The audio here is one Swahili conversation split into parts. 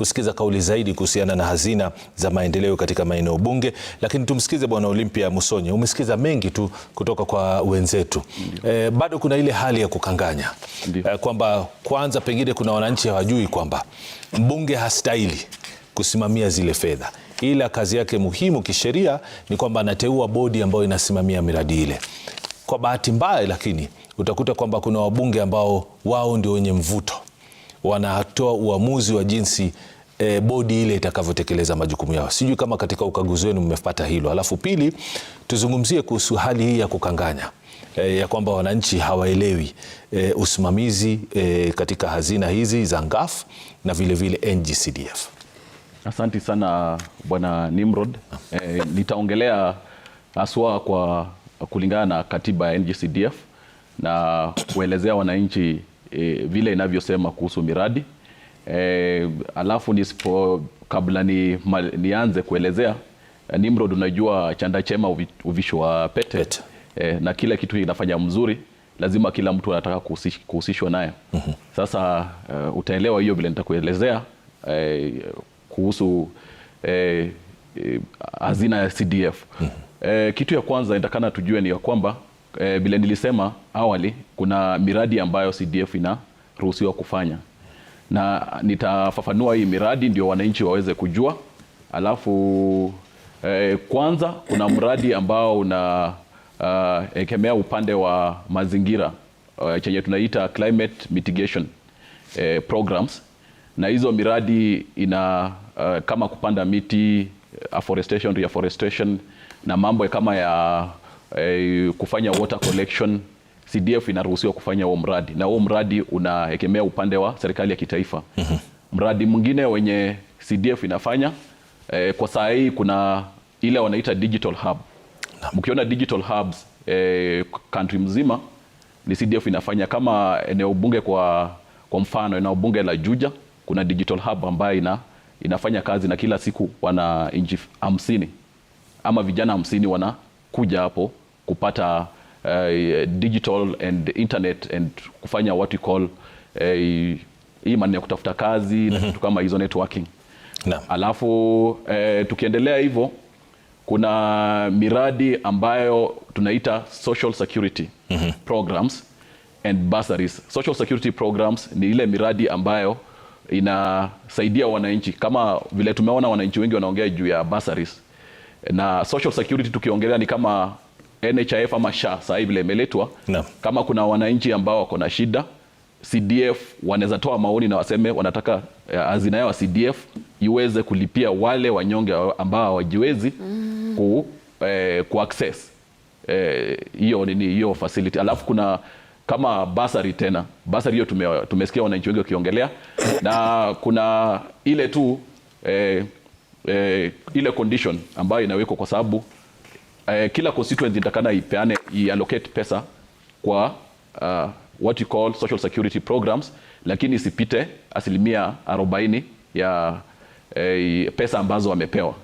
kusikiza kauli zaidi kuhusiana na hazina za maendeleo katika maeneo bunge, lakini tumsikize Bwana Olympia Musonye. Umesikiza mengi tu kutoka kwa wenzetu. E, bado kuna ile hali ya kukanganya e, kwamba kwanza pengine kuna wananchi hawajui kwamba mbunge hastahili kusimamia zile fedha ila kazi yake muhimu kisheria ni kwamba anateua bodi ambayo inasimamia miradi ile. Kwa bahati mbaya, lakini utakuta kwamba kuna wabunge ambao wao ndio wenye mvuto, wanatoa uamuzi wa jinsi e, bodi ile itakavyotekeleza majukumu yao. Sijui kama katika ukaguzi wenu mmepata hilo. Alafu pili, tuzungumzie kuhusu hali hii ya kukanganya e, ya kwamba wananchi hawaelewi e, usimamizi e, katika hazina hizi za ngaf na vilevile vile NGCDF. asanti sana Bwana Nimrod. E, nitaongelea haswa kwa kulingana na katiba ya NGCDF na kuelezea wananchi e, vile inavyosema kuhusu miradi eh, alafu nisipo kabla ni, mal, nianze kuelezea eh, Nimrod, unajua chanda chema uvisho wa pete, pete. Eh, na kila kitu inafanya mzuri lazima kila mtu anataka kuhusishwa naye mm -hmm. Sasa uh, utaelewa hiyo vile nitakuelezea eh, kuhusu eh, eh, hazina ya CDF mm -hmm. Eh, kitu ya kwanza nitakana tujue ni ya kwamba eh, vile eh, nilisema awali kuna miradi ambayo CDF inaruhusiwa kufanya na nitafafanua hii miradi ndio wananchi waweze kujua. Alafu eh, kwanza kuna mradi ambao una uh, ekemea upande wa mazingira uh, chenye tunaita climate mitigation eh, programs na hizo miradi ina uh, kama kupanda miti, afforestation, reforestation na mambo kama ya eh, kufanya water collection CDF inaruhusiwa kufanya huo mradi na huo mradi unaegemea upande wa serikali ya kitaifa. mm -hmm. Mradi mwingine wenye CDF inafanya eh, kwa saa hii kuna ile wanaita digital hub. Mkiona digital hubs eh, country mzima ni CDF inafanya kama eneo bunge kwa, kwa mfano eneo bunge la Juja kuna digital hub ambayo ina, inafanya kazi na kila siku wana inji hamsini ama vijana hamsini wanakuja hapo kupata uh, digital and internet and kufanya what we call uh, hii uh, maneno ya kutafuta kazi mm -hmm. na mhm. vitu kama hizo networking na. Alafu uh, tukiendelea hivyo kuna miradi ambayo tunaita social security mm -hmm. programs and bursaries. Social security programs ni ile miradi ambayo inasaidia wananchi kama vile tumeona wananchi wengi wanaongea juu ya bursaries na social security, tukiongelea ni kama NHIF ama SHA sasa hivi vile imeletwa no. Kama kuna wananchi ambao wako na shida CDF wanaweza toa maoni na waseme wanataka eh, hazina yao CDF iweze kulipia wale wanyonge ambao hawajiwezi mm. ku, eh, ku access eh, hiyo eh, nini hiyo facility. Alafu kuna kama basari tena, basari hiyo tume, tumesikia wananchi wengi wakiongelea na kuna ile tu eh, eh, ile condition ambayo inawekwa kwa sababu eh, kila constituency itakana ipeane iallocate pesa kwa uh, what you call social security programs, lakini isipite asilimia 40 ya eh, pesa ambazo wamepewa.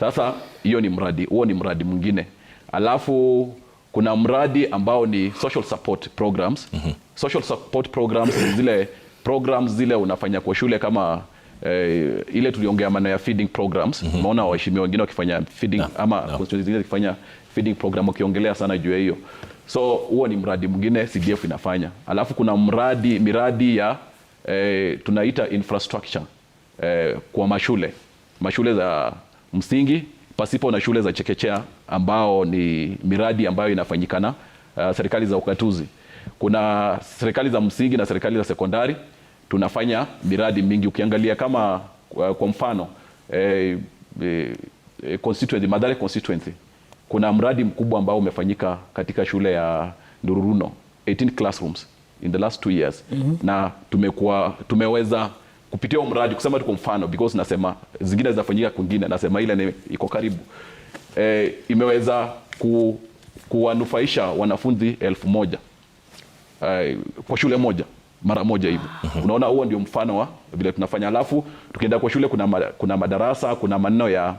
Sasa hiyo ni mradi huo, ni mradi mwingine. Alafu kuna mradi ambao ni social support programs. Mm -hmm. Social support programs zile programs zile unafanya kwa shule kama eh, ile tuliongea maana ya feeding programs. mm -hmm. Maona waheshimiwa wengine wakifanya feeding no, ama no. constituencies zingine wakifanya feeding program wakiongelea sana juu ya hiyo, so huo ni mradi mwingine CDF inafanya. Alafu kuna mradi miradi ya eh, tunaita infrastructure eh, kwa mashule mashule za msingi pasipo na shule za chekechea ambao ni miradi ambayo inafanyikana uh, serikali za ukatuzi. Kuna serikali za msingi na serikali za sekondari tunafanya miradi mingi. Ukiangalia kama kwa mfano eh, eh, eh constituency Madale constituency kuna mradi mkubwa ambao umefanyika katika shule ya Ndururuno 18 classrooms in the last two years mm -hmm. na tumekuwa tumeweza kupitia huo mradi kusema tu kwa mfano because nasema zingine zinafanyika kwingine, nasema ile iko karibu eh, imeweza ku, kuwanufaisha wanafunzi elfu moja eh, kwa shule moja mara moja hivyo. Mhm. Unaona, huo ndio mfano wa vile tunafanya. Alafu tukienda kwa shule kuna, ma, kuna madarasa kuna maneno ya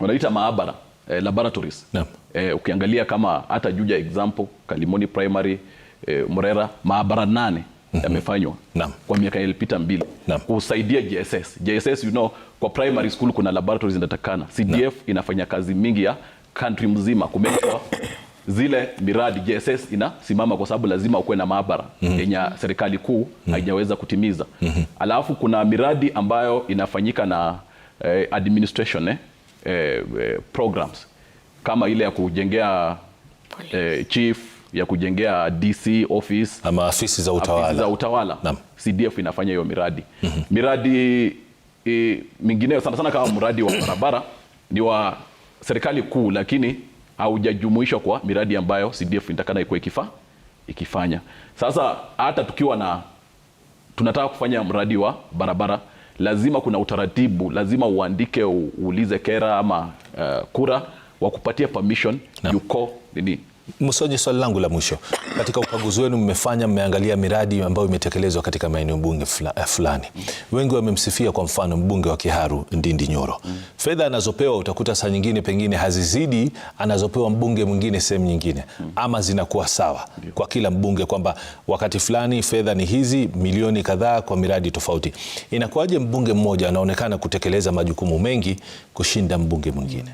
wanaita maabara eh, laboratories yeah. Eh, ukiangalia kama hata Juja example Kalimoni Primary eh, Murera maabara nane mhm. yamefanywa mm -hmm. kwa miaka ilipita mbili Naam. kusaidia JSS. JSS you know, kwa primary school kuna laboratories inatakana CDF Naam. inafanya kazi mingi ya country mzima kumekwa zile miradi JSS inasimama kwa sababu lazima ukuwe na maabara mm -hmm. yenye serikali kuu mhm. haijaweza mm -hmm. kutimiza mm -hmm. alafu kuna miradi ambayo inafanyika na eh, administration eh, eh, eh programs kama ile ya kujengea eh, chief ya kujengea DC office ama afisi za utawala, afisi za utawala. CDF inafanya hiyo miradi mm -hmm. miradi eh, mingineyo sana sana kama mradi wa barabara ni wa serikali kuu lakini haujajumuishwa kwa miradi ambayo CDF inatakana ikuwa ikifa ikifanya. Sasa hata tukiwa na tunataka kufanya mradi wa barabara, lazima kuna utaratibu, lazima uandike, uulize kera ama uh, kura wa kupatia permission no. yuko nini Msoje, swali langu la mwisho, katika ukaguzi wenu mmefanya, mmeangalia miradi ambayo imetekelezwa katika maeneo bunge fula, eh, fulani. Wengi wamemsifia kwa mfano mbunge wa Kiharu Ndindi Nyoro, fedha anazopewa utakuta saa nyingine pengine hazizidi anazopewa mbunge mwingine sehemu nyingine, ama zinakuwa sawa kwa kila mbunge, kwamba wakati fulani fedha ni hizi milioni kadhaa kwa miradi tofauti. Inakuwaje mbunge mmoja anaonekana kutekeleza majukumu mengi kushinda mbunge mwingine?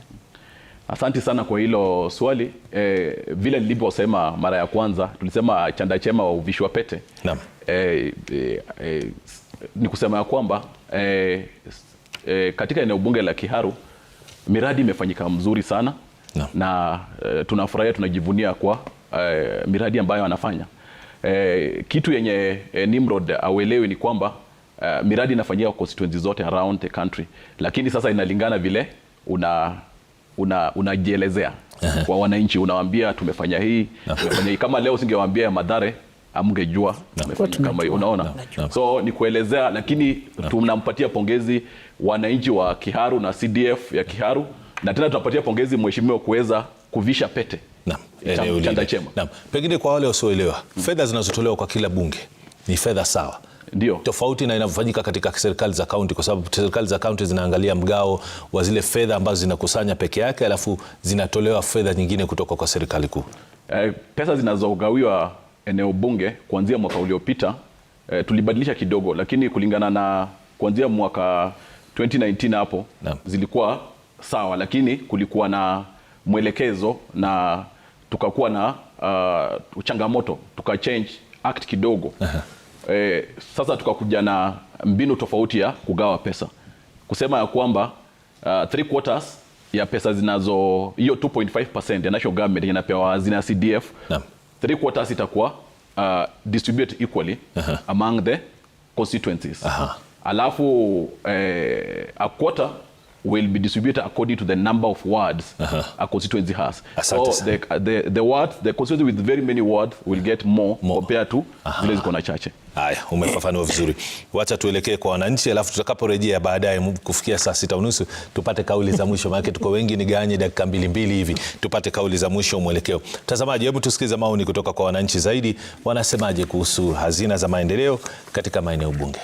Asanti sana kwa hilo swali. E, vile nilivyosema mara ya kwanza tulisema chanda chema wa uvishwa pete. Naam. E, e, e, ni kusema ya kwamba e, e, katika eneo bunge la Kiharu miradi imefanyika mzuri sana na, na e, tunafurahia tunajivunia kwa e, miradi ambayo anafanya e, kitu yenye e, Nimrod awelewi ni kwamba e, miradi inafanyika constituencies zote around the country, lakini sasa inalingana vile una unajielezea una kwa wananchi unawaambia tumefanya hii tumefanya hii. Kama leo singewaambia ya madhare amgejua kama hiyo unaona So ni kuelezea lakini Tunampatia pongezi wananchi wa Kiharu na CDF ya Kiharu na tena tunapatia pongezi mheshimiwa kuweza kuvisha pete chanda chema. Pengine kwa wale wasioelewa, fedha zinazotolewa kwa kila bunge ni fedha sawa Ndiyo. Tofauti na inavyofanyika katika serikali za kaunti, kwa sababu serikali za kaunti zinaangalia mgao wa zile fedha ambazo zinakusanya peke yake, alafu zinatolewa fedha nyingine kutoka kwa serikali kuu. Eh, pesa zinazogawiwa eneo bunge kuanzia mwaka uliopita eh, tulibadilisha kidogo, lakini kulingana na kuanzia mwaka 2019 hapo zilikuwa sawa, lakini kulikuwa na mwelekezo na tukakuwa na uh, changamoto tuka change act kidogo. Aha eh, sasa tukakuja na mbinu tofauti ya kugawa pesa kusema ya kwamba uh, three quarters ya pesa zinazo hiyo 2.5% ya national government inapewa zina CDF no. three quarters itakuwa uh, distribute equally uh -huh. among the constituencies uh -huh. alafu eh, a quarter will be distributed according to the number of words uh -huh. a constituency has. Asante so the, the, the words, the constituency with very many words will get more, more. compared to zile ziko na chache. Haya, umefafanua vizuri. Wacha tuelekee kwa wananchi, alafu tutakaporejea baadaye kufikia saa sita unusu tupate kauli za mwisho, maana tuko wengi, ni ganye dakika mbili mbili hivi, tupate kauli za mwisho, mwelekeo. Mtazamaji, hebu tusikize maoni kutoka kwa wananchi zaidi, wanasemaje kuhusu hazina za maendeleo katika maeneo bunge.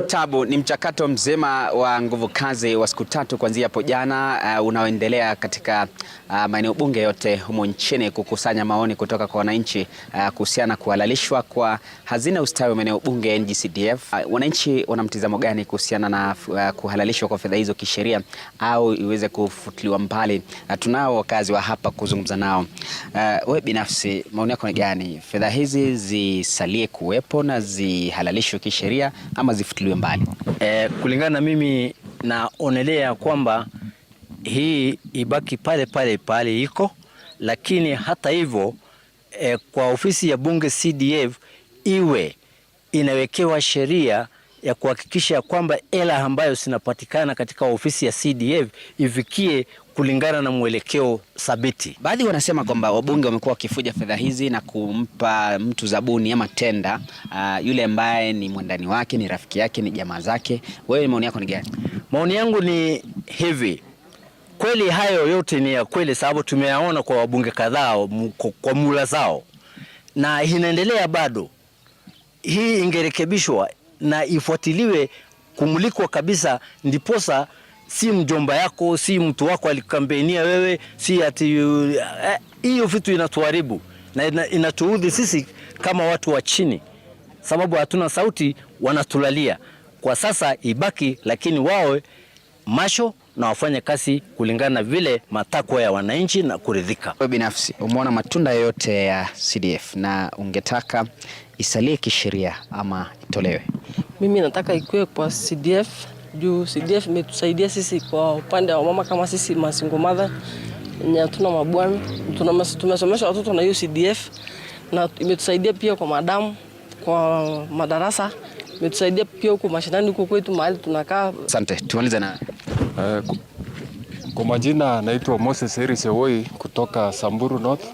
Tabu ni mchakato mzima wa nguvu kazi wa siku tatu kuanzia hapo jana uh, unaoendelea katika uh, maeneo bunge yote humo nchini kukusanya maoni kutoka kwa wananchi uh, kuhusiana kuhalalishwa kwa hazina ustawi wa maeneo bunge NGCDF. Uh, wananchi wana mtizamo gani kuhusiana na uh, kuhalalishwa kwa fedha hizo kisheria au iweze kufutiliwa mbali? Uh, tunao wakazi wa hapa kuzungumza nao. Uh, we binafsi maoni yako ni gani? Fedha hizi zisalie kuwepo na zihalalishwe kisheria ama zifutiliwe itupiliwe mbali. E, kulingana na mimi naonelea kwamba hii ibaki pale pale pale iko, lakini hata hivyo e, kwa ofisi ya bunge CDF iwe inawekewa sheria ya kuhakikisha kwamba hela ambayo zinapatikana katika ofisi ya CDF ifikie kulingana na mwelekeo thabiti. Baadhi wanasema kwamba wabunge wamekuwa wakifuja fedha hizi na kumpa mtu zabuni ama tenda, uh, yule ambaye ni mwandani wake, ni rafiki yake, ni jamaa zake. Wewe maoni yako ni gani? Maoni yangu ni hivi, kweli hayo yote ni ya kweli, sababu tumeyaona kwa wabunge kadhaa kwa mula zao, na inaendelea bado. Hii ingerekebishwa na ifuatiliwe, kumulikwa kabisa, ndiposa si mjomba yako, si mtu wako alikampenia wewe, si ati eh, hiyo. vitu inatuharibu na inatuudhi sisi kama watu wa chini, sababu hatuna sauti, wanatulalia kwa sasa. Ibaki lakini wawe macho na wafanye kazi kulingana na vile matakwa ya wananchi na kuridhika. Wewe binafsi umeona matunda yoyote ya CDF na ungetaka isalie kisheria ama itolewe? Mimi nataka ikuwe kwa CDF juu CDF imetusaidia sisi kwa upande wa mama, kama sisi masingo mother nye hatuna mabwana, tumesomesha watoto na hiyo CDF, na imetusaidia pia kwa madamu, kwa madarasa imetusaidia pia huko mashinani huko kwetu mahali tunakaa. Asante, tumalize na uh, kwa majina naitwa Moses Heri Sewoi kutoka Samburu North.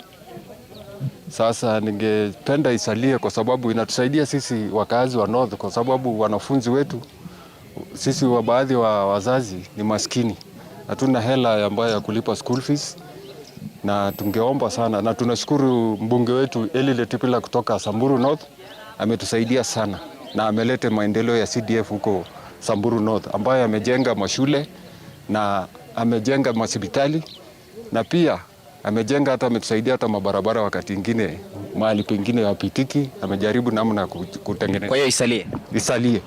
Sasa ningependa isalie kwa sababu inatusaidia sisi wakazi wa North, kwa sababu wanafunzi wetu sisi wa baadhi wa wazazi ni maskini, hatuna hela ambayo ya kulipa school fees, na tungeomba sana, na tunashukuru mbunge wetu Eli Letipila kutoka Samburu North ametusaidia sana na amelete maendeleo ya CDF huko Samburu North ambayo amejenga mashule na amejenga masipitali na pia amejenga hata ametusaidia hata mabarabara wakati ingine mahali pengine wapitiki, amejaribu namna kutengeneza. Kwa hiyo isalie, isalie.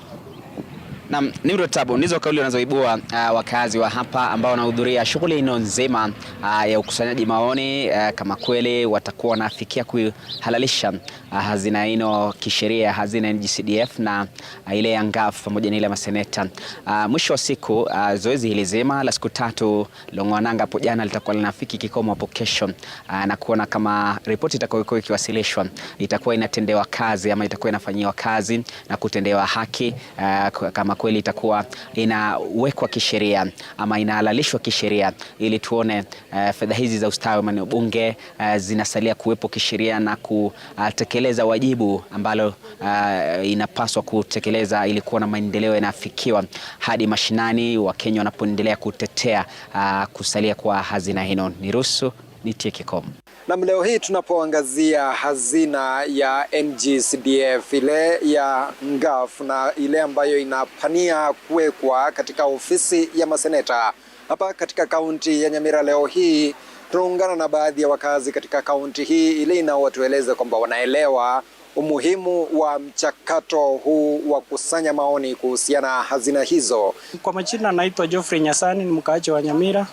Na Nimrod Tabu, ndizo kauli wanazoibua uh, wakazi wa hapa ambao wanahudhuria shughuli ino nzima uh, ya ukusanyaji maoni uh, kama kweli watakuwa wanafikia kuhalalisha uh, hazina ino kisheria, hazina ya NGCDF na uh, ile ya ngafu pamoja na ile maseneta uh, mwisho wa siku uh, zoezi hili zima la siku tatu longwananga hapo jana litakuwa linafiki kikomo hapo kesho uh, na kuona kama ripoti itakayokuwa ikiwasilishwa itakuwa inatendewa kazi ama itakuwa inafanyiwa kazi na kutendewa haki uh, kama kweli itakuwa inawekwa kisheria ama inahalalishwa kisheria ili tuone uh, fedha hizi za ustawi maeneo bunge uh, eh, zinasalia kuwepo kisheria na kutekeleza wajibu ambalo uh, inapaswa kutekeleza ili kuona maendeleo yanafikiwa hadi mashinani, Wakenya wanapoendelea kutetea uh, kusalia kwa hazina hino. Niruhusu nitie kikomo. Na leo hii tunapoangazia hazina ya NGCDF ile ya ngaf na ile ambayo inapania kuwekwa katika ofisi ya maseneta hapa katika kaunti ya Nyamira, leo hii tunaungana na baadhi ya wakazi katika kaunti hii ile inaowatueleza kwamba wanaelewa umuhimu wa mchakato huu wa kusanya maoni kuhusiana na hazina hizo. Kwa majina, naitwa Geoffrey Nyasani, ni mkaaji wa Nyamira.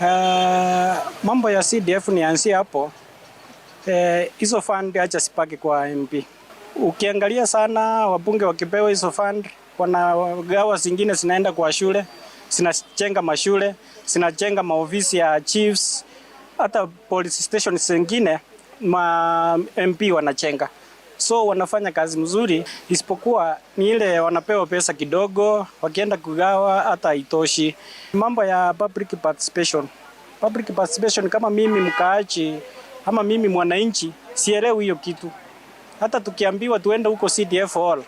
Uh, mambo ya CDF nianzie hapo eh, hizo uh, fund acha sipaki kwa MP. Ukiangalia sana wabunge wakipewa hizo fund, wanagawa zingine zinaenda kwa shule, zinachenga mashule, zinajenga maofisi ya chiefs, hata police station zingine ma MP wanachenga so wanafanya kazi mzuri, isipokuwa ni ile wanapewa pesa kidogo, wakienda kugawa hata haitoshi. Mambo ya public participation, public participation, kama mimi mkaachi ama mimi mwananchi sielewi hiyo kitu, hata tukiambiwa tuende huko CDF hall.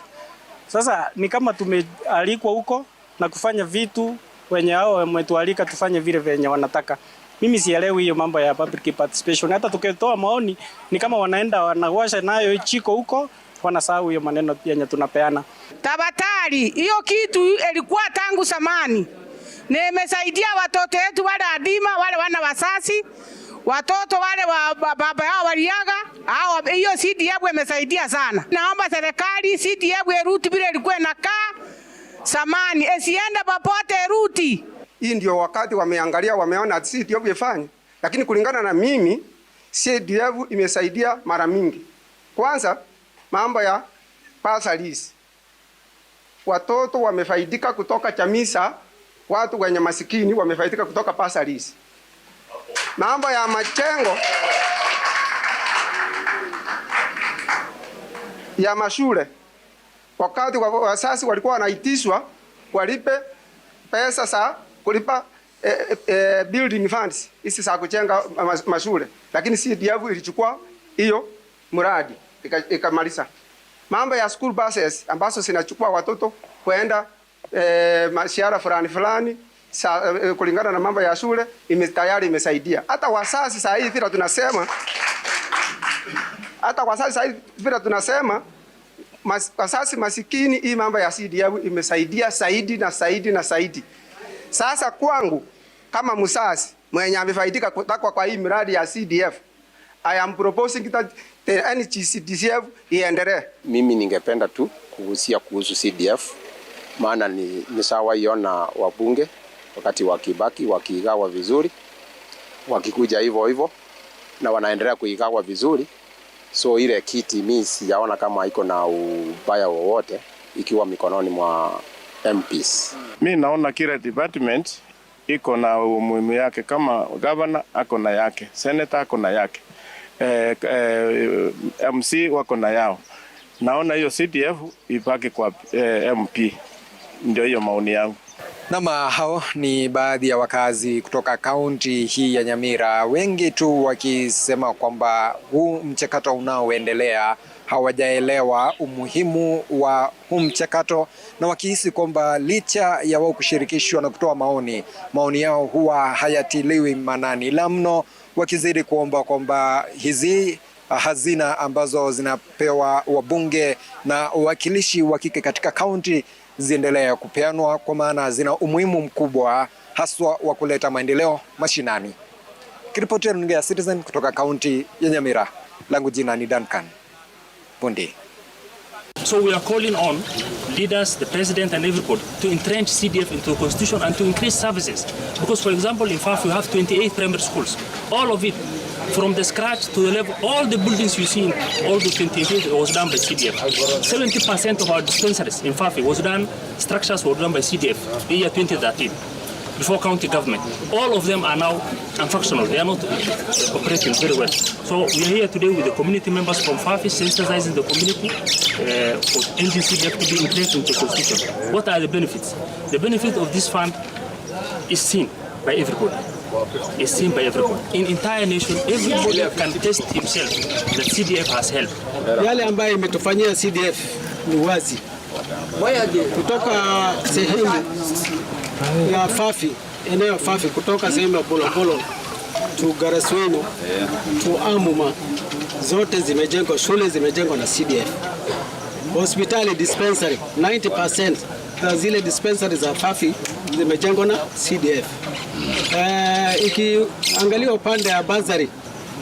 Sasa ni kama tumealikwa huko na kufanya vitu wenye hao wametualika tufanye vile venye wanataka. Mimi sielewi hiyo mambo ya public participation. Hata tukitoa maoni ni kama wanaenda wanawasha nayo chiko huko, wanasahau hiyo maneno yenye tunapeana. Tabatari hiyo kitu ilikuwa tangu zamani nimesaidia watoto wetu wale adima wale wana wasasi watoto wale wa baba yao waliaga au hiyo CDF imesaidia sana. Naomba serikali CDF Ruti bila ilikuwa inakaa samani, esienda popote Ruti hii ndio wakati wameangalia, wameona CDF ifanye, lakini kulingana na mimi CDF imesaidia mara mingi. Kwanza mambo ya pasalis, watoto wamefaidika kutoka Chamisa, watu wenye masikini wamefaidika kutoka pasalis. Mambo ya machengo ya mashule, wakati wazazi walikuwa wanaitishwa walipe pesa saa kulipa eh, eh, eh, building funds hizi za kujenga mashule, lakini CDF ilichukua hiyo mradi ikamaliza. Mambo ya school buses ambazo zinachukua watoto kwenda eh, mashara fulani fulani Sa, eh, kulingana na mambo ya shule ime, tayari imesaidia. Hata wasasi sasa hivi vile tunasema hata wazazi sasa hivi vile tunasema mas, wazazi masikini hii mambo ya CDF imesaidia zaidi na zaidi na zaidi. Sasa kwangu kama musasi mwenye amefaidika kutakwa kwa hii miradi ya CDF, I am proposing that the NGCDCF iendelee. Mimi ningependa tu kuhusia kuhusu CDF, maana ni, ni sawa iona wabunge wakati wakibaki wakiigawa vizuri, wakikuja hivyo hivyo na wanaendelea kuigawa vizuri, so ile kiti mimi sijaona kama iko na ubaya wowote ikiwa mikononi mwa MPs. Mi naona kila department iko na umuhimu yake, kama governor ako na yake, senator ako na yake, eh, eh, MC wako na yao. Naona hiyo CDF ipake kwa eh, MP. Ndio hiyo maoni yangu. Nama ah, hao ni baadhi ya wakazi kutoka kaunti hii ya Nyamira, wengi tu wakisema kwamba huu mchakato unaoendelea hawajaelewa umuhimu wa huu mchakato na wakihisi kwamba licha ya wao kushirikishwa na kutoa maoni, maoni yao huwa hayatiliwi manani la mno wakizidi kuomba kwamba hizi ah, hazina ambazo zinapewa wabunge na wawakilishi wa kike katika kaunti ziendelee kupeanwa kwa maana zina umuhimu mkubwa haswa wa kuleta maendeleo mashinani. Kiripoti ya Citizen kutoka kaunti ya Nyamira, langu jina ni Duncan. So we are calling on leaders, the president and everybody to entrench CDF into the constitution and to increase services. Because for example, in FAF we have 28 primary schools, all of it from the scratch to the level, all the buildings you see in all the 28 was done by CDF. 70% of our dispensaries in FAFI was done, structures were done by CDF, the year 2013. before county government. All of them are now unfunctional. They are not operating very well. So we are here today with the community members from FAFI sensitizing the community uh, for NGC that to be integrated into the constitution. What are the benefits? The benefit of this fund is seen by everybody is seen by everyone. In entire nation, everybody can test himself that CDF has helped. Yale ambayo imetufanyia CDF ni wazi kutoka sehemu ya Fafi, eneo ya Fafi kutoka sehemu ya Polopolo tu Garesweno tu Amuma, zote zimejengwa, shule zimejengwa na CDF. Hospitali dispensary 90% za zile dispensary za Fafi zimejengwa na CDF. Uh, eh, ikiangalia upande ya bazari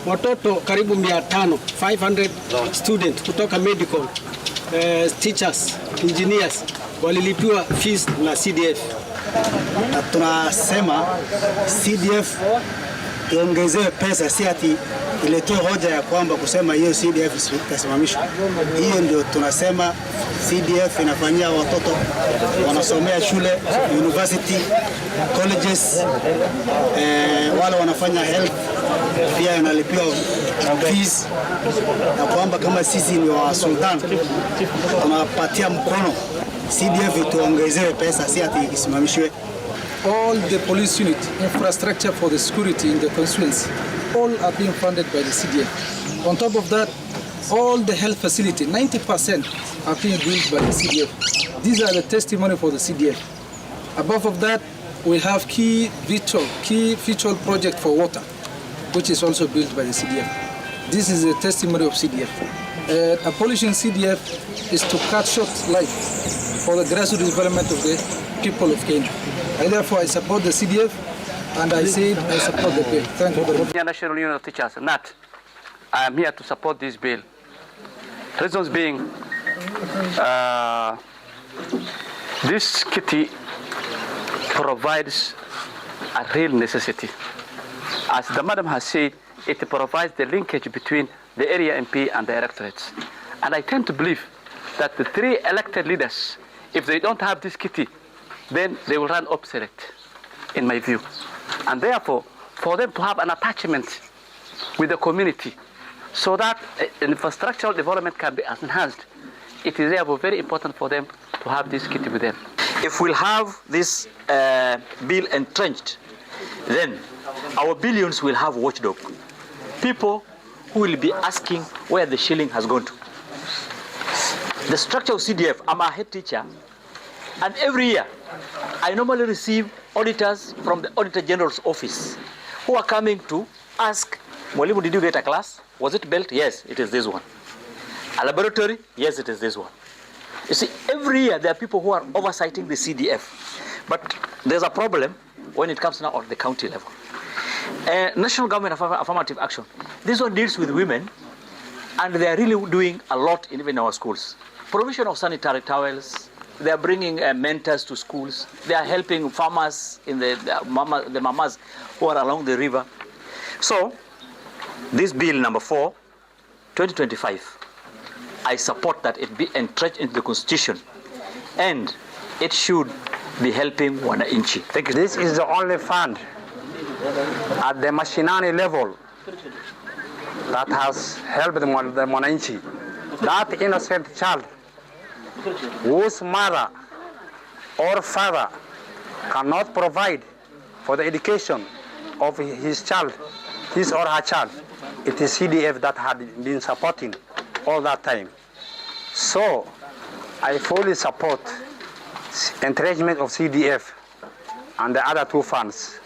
watoto karibu 500 500 student kutoka medical uh, teachers engineers walilipiwa fees na CDF na tunasema CDF iongezewe pesa, si ati iletoe hoja ya kwamba kusema hiyo CDF itasimamishwa. Hiyo ndio tunasema CDF inafanyia watoto wanasomea shule university colleges, eh, wale wanafanya health pia inalipiwa fees, na kwamba kama sisi ni wa sultan tunapatia mkono CDF ituongezewe pesa, si ati ikisimamishwe. All the police unit infrastructure for the security in the constituency all are being funded by the CDF. On top of that, all the health facility 90% are being built by the CDF. These are the testimony for the CDF. Above of that, we have key vital, key vital project for water, which is also built by the CDF. This is the testimony of CDF. Uh, abolishing CDF is to cut short life for the grassroots development of the people of Kenya. And therefore, I support the CDF and I say I support the bill. Thank you very much. The National Union of Teachers, NAT, I am here to support this bill. Reasons being, uh, this kitty provides a real necessity. As the madam has said, it provides the linkage between the area MP and the electorates. And I tend to believe that the three elected leaders if they don't have this kitty, then they will run obsolete, in my view. And therefore, for them to have an attachment with the community so that eh, infrastructural development can be enhanced, it is therefore very important for them to have this kitty with them. If we'll have this uh, bill entrenched, then our billions will have watchdog. People who will be asking where the shilling has gone to the structure of CDF, I'm a head teacher, and every year I normally receive auditors from the Auditor General's office who are coming to ask, Mwalimu, did you get a class? Was it built? Yes, it is this one. A laboratory? Yes, it is this one. You see, every year there are people who are oversighting the CDF. But there's a problem when it comes now at the county level. Uh, National Government Affirmative Action. This one deals with women and they are really doing a lot in even our schools. Provision of sanitary towels, they are bringing uh, mentors to schools. They are helping farmers in the, the, mama, the mamas who are along the river. So, this bill number four, 2025, I support that it be entrenched into the constitution, and it should be helping wananchi. Thank you. This is the only fund at the Mashinani level that has helped the, the Monanchi. That innocent child whose mother or father cannot provide for the education of his child, his or her child, it is CDF that had been supporting all that time. So I fully support encouragement of CDF and the other two funds